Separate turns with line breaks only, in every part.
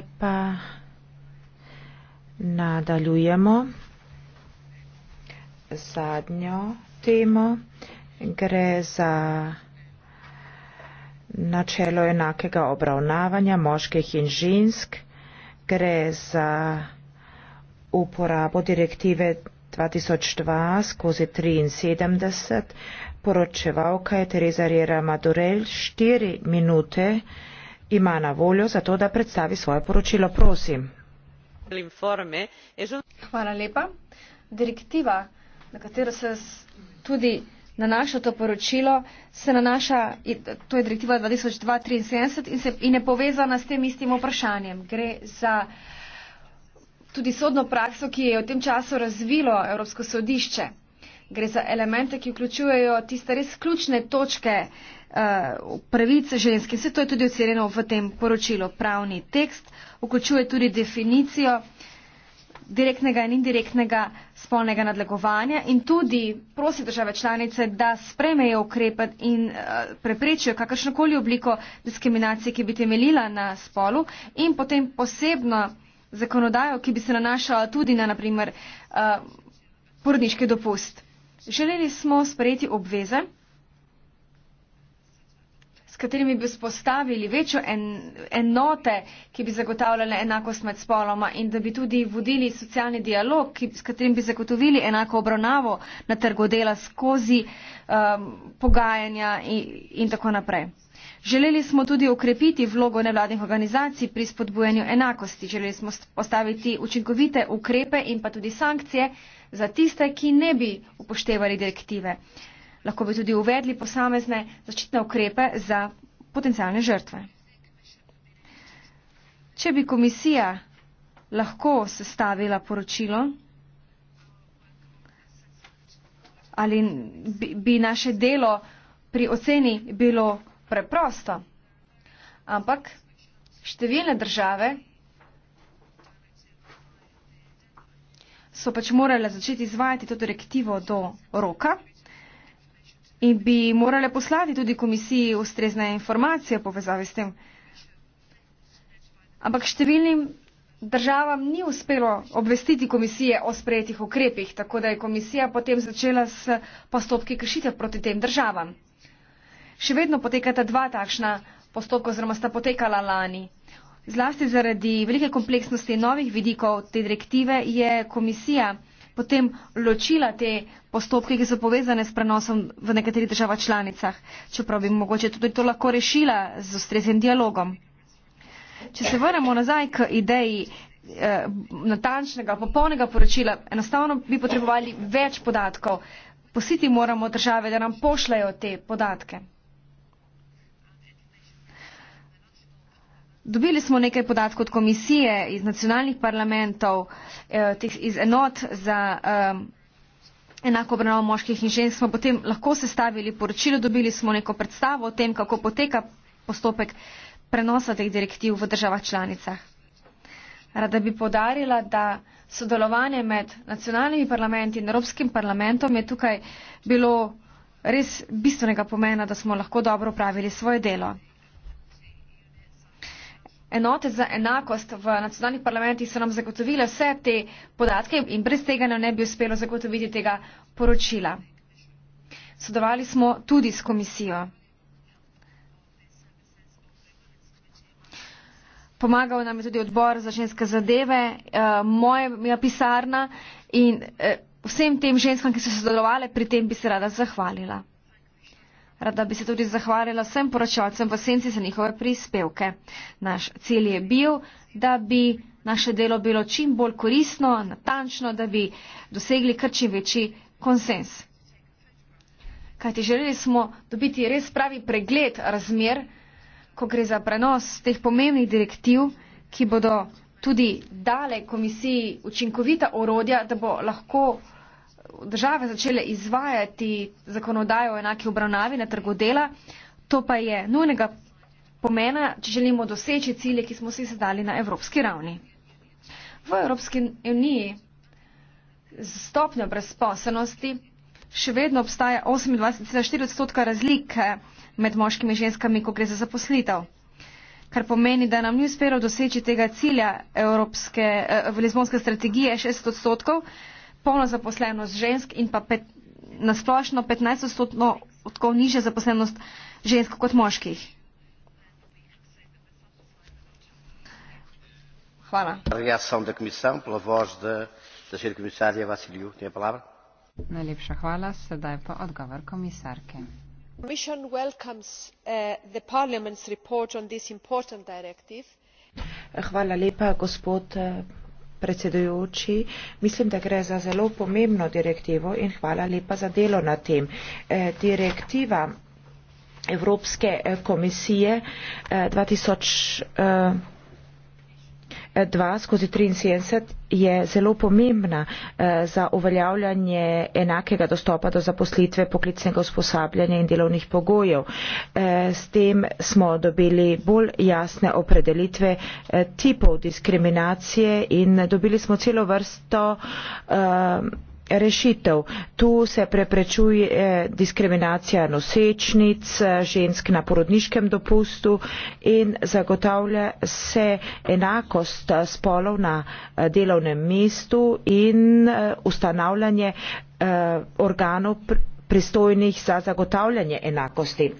Zdaj pa nadaljujemo zadnjo temo. Gre za načelo enakega obravnavanja moških in žensk. Gre za uporabo direktive 2002 skozi 73. Poročevalka je Tereza Rjera Madurel. Štiri minute ima na voljo zato da predstavi svoje poročilo prosim
direktiva na katero se tudi nanaša to poročilo se nanaša to je direktiva dva tisoč dva triinsedemdeset in se in je povezana s tem istim vprašanjem gre za tudi sodno prakso ki je v tem času razvilo evropsko sodišče gre za elemente ki vključujejo tiste res ključne točke uh, eh, pravic ženske. Vse to je tudi ocenjeno v tem poročilu. Pravni tekst vključuje tudi definicijo direktnega in indirektnega spolnega nadlegovanja in tudi prosi države članice, da spremejo ukrepe in uh, preprečijo kakršnokoli obliko diskriminacije, ki bi temeljila na spolu in potem posebno zakonodajo, ki bi se nanašala tudi na naprimer uh, eh, porodniški dopust. Želeli smo sprejeti obveze, s katerimi bi spostavili večjo en, enote, ki bi zagotavljale enakost med spoloma in da bi tudi vodili socialni dialog, ki, s katerim bi zagotovili enako obravnavo na trgu dela skozi um, pogajanja in, in tako naprej. Želeli smo tudi ukrepiti vlogo nevladnih organizacij pri spodbujanju enakosti. Želeli smo postaviti učinkovite ukrepe in pa tudi sankcije za tiste, ki ne bi upoštevali direktive. Uh, lahko bi tudi uvedli posamezne zaščitne ukrepe za potencijalne žrtve. Če bi komisija lahko sestavila poročilo, ali bi, bi naše delo pri oceni bilo preprosto. Ampak številne države so pač morale začeti izvajati to direktivo do roka in bi morale poslati tudi komisiji ustrezne informacije o povezavi s tem. Ampak številnim državam ni uspelo obvestiti komisije o sprejetih ukrepih, tako da je komisija potem začela s postopki kršitev proti tem državam. Še vedno potekata dva takšna postopka oziroma sta potekala lani. Zlasti zaradi velike kompleksnosti novih vidikov te direktive je komisija potem ločila te postopke, ki so povezane s prenosom v nekaterih državah članicah, čeprav bi mogoče tudi to lahko rešila z ustreznim dialogom. Če se vrnemo nazaj k ideji eh, natančnega, popolnega poročila, enostavno bi potrebovali več podatkov. Pustiti moramo države, da nam pošljajo te podatke. Dobili smo nekaj podatkov od komisije, iz nacionalnih parlamentov, eh, iz enot za eh, enako obravnavo moških in žensk, smo potem lahko sestavili poročilo, dobili smo neko predstavo o tem, kako poteka postopek prenosa teh direktiv v državah članicah. Rada bi podarila, da sodelovanje med nacionalnimi parlamenti in Evropskim parlamentom je tukaj bilo res bistvenega pomena, da smo lahko dobro upravili svoje delo enote za enakost v nacionalnih parlamentih so nam zagotovile vse te podatke in brez tega nam ne bi uspelo zagotoviti tega poročila. Sodovali smo tudi s komisijo. Pomagal nam je tudi odbor za ženske zadeve, eh, moja pisarna in eh, vsem tem ženskam, ki so sodelovali pri tem, bi se rada zahvalila. Rada bi se tudi zahvalila vsem poročalcem v senci za njihove prispevke. Naš cilj je bil, da bi naše delo bilo čim bolj koristno, natančno, da bi dosegli kar čim večji konsens. Kajti želeli smo dobiti res pravi pregled razmer, ko gre za prenos teh pomembnih direktiv, ki bodo tudi dale komisiji učinkovita orodja, da bo lahko države začele izvajati zakonodajo o enaki obravnavi na trgu dela. To pa je nujnega pomena, če želimo doseči cilje, ki smo si zadali na evropski ravni. V Evropski uniji z stopnjo brezposobnosti še vedno obstaja 28,4 odstotka razlike med moškimi in ženskami, ko gre za zaposlitev. Kar pomeni, da nam ni uspelo doseči tega cilja Evropske eh, lizbonske strategije 60 odstotkov, polno zaposlenost žensk in pa pet, na splošno 15 odstotno odkov nižja zaposlenost žensk kot moških. Hvala.
Najlepša hvala. Sedaj pa odgovor komisarke. Eh, hvala lepa, gospod eh, predsedujoči. Mislim, da gre za zelo pomembno direktivo in hvala lepa za delo na tem. Eh, direktiva Evropske eh, komisije 2000. Eh, 2 skozi 73 je zelo pomembna eh, za uveljavljanje enakega dostopa do zaposlitve, poklicnega usposabljanja in delovnih pogojev. Eh, s tem smo dobili bolj jasne opredelitve eh, tipov diskriminacije in dobili smo celo vrsto um, rešitev. Tu se preprečuje eh, diskriminacija nosečnic, žensk na porodniškem dopustu in zagotavlja se enakost eh, spolov na eh, delovnem mestu in ustanavljanje organov pristojnih za zagotavljanje enakosti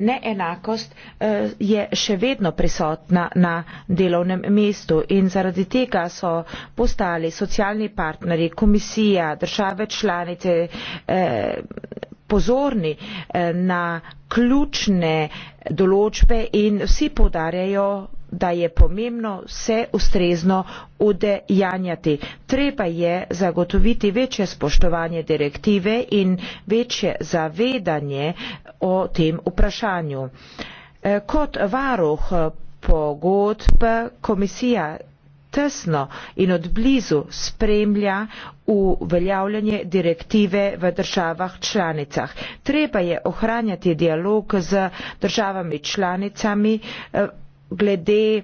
neenakost eh, je še vedno prisotna na delovnem mestu in zaradi tega so postali socialni partnerji, komisija, države članice eh, pozorni eh, na ključne določbe in vsi podarjajo, da je pomembno vse ustrezno udejanjati. Treba je zagotoviti večje spoštovanje direktive in večje zavedanje o tem vprašanju. Eh, kot varuh eh, pogodb komisija tesno in odblizu spremlja uveljavljanje direktive v državah članicah. Treba je ohranjati dialog z državami članicami eh, glede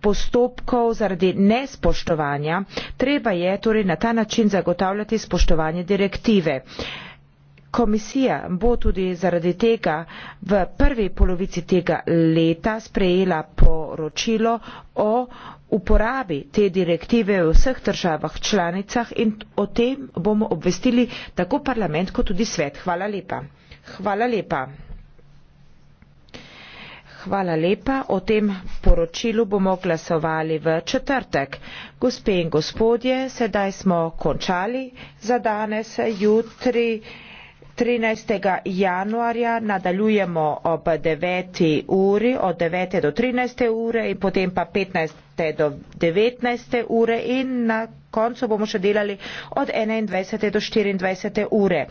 postopkov zaradi nespoštovanja. Treba je torej na ta način zagotavljati spoštovanje direktive komisija bo tudi zaradi tega v prvi polovici tega leta sprejela poročilo o uporabi te direktive v vseh državah članicah in o tem bomo obvestili tako parlament kot tudi svet. Hvala lepa. Hvala lepa. Hvala lepa. O tem poročilu bomo glasovali v četrtek. Gospe in gospodje, sedaj smo končali za danes. Jutri. 13. januarja nadaljujemo ob 9. uri, od 9. do 13. ure in potem pa 15. do 19. ure in na koncu bomo še delali od 21. do 24. ure.